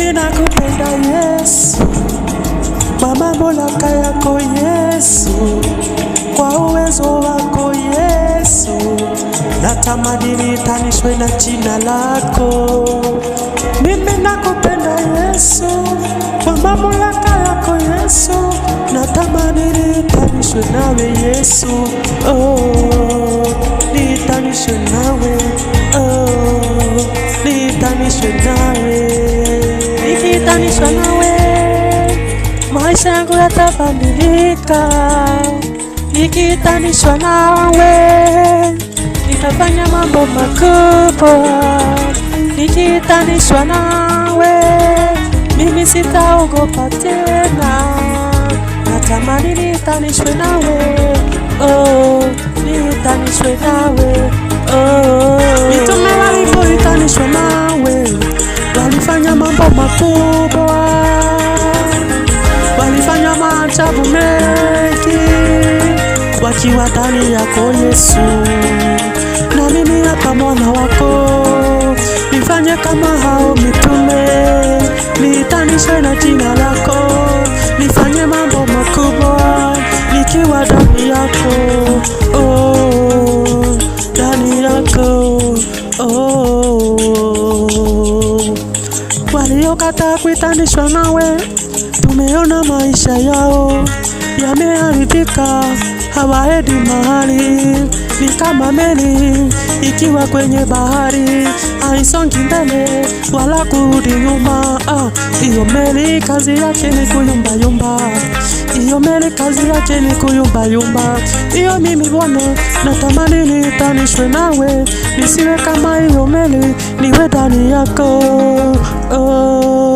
mimi nakupenda Yesu, mama mamamulaka yako Yesu, kwa uwezo wako Yesu, natamani nitanishwe na jina lako. Mimi nakupenda Yesu, mama mamamulaka yako Yesu, natamani nitanishwe nawe Yesu, oh, nitanishwe nawe, oh, nitanishwe nawe nikilinganishwa nawe, maisha yangu yatabadilika. Nikilinganishwa nawe, nitafanya mambo makubwa. Nikilinganishwa nawe, mimi sitaogopa tena. Natamani nilinganishwe nawe, oh, nilinganishwe nawe, oh. makubwa, walifanya maajabu mengi wakiwa ndani yako Yesu. Na mimi hapa mwana wako, nifanye kama hao mitume, niitanishe na jina lako, nifanye mambo makubwa nikiwa ndani yako oh. waliokataa kuitanishwa nawe, tumeona maisha yao yameharibika, hawaendi mahali, ni kama meli ikiwa kwenye bahari. Sisongi mbele wala kurudi nyuma. Ah, iyo meli kazi yake ni kuyumba yumba, iyo meli kazi yake ni kuyumba yumba. Iyo mimi bwana natamani nitanishwe nawe, nisiwe kama iyo meli, niwe ndani yako oh.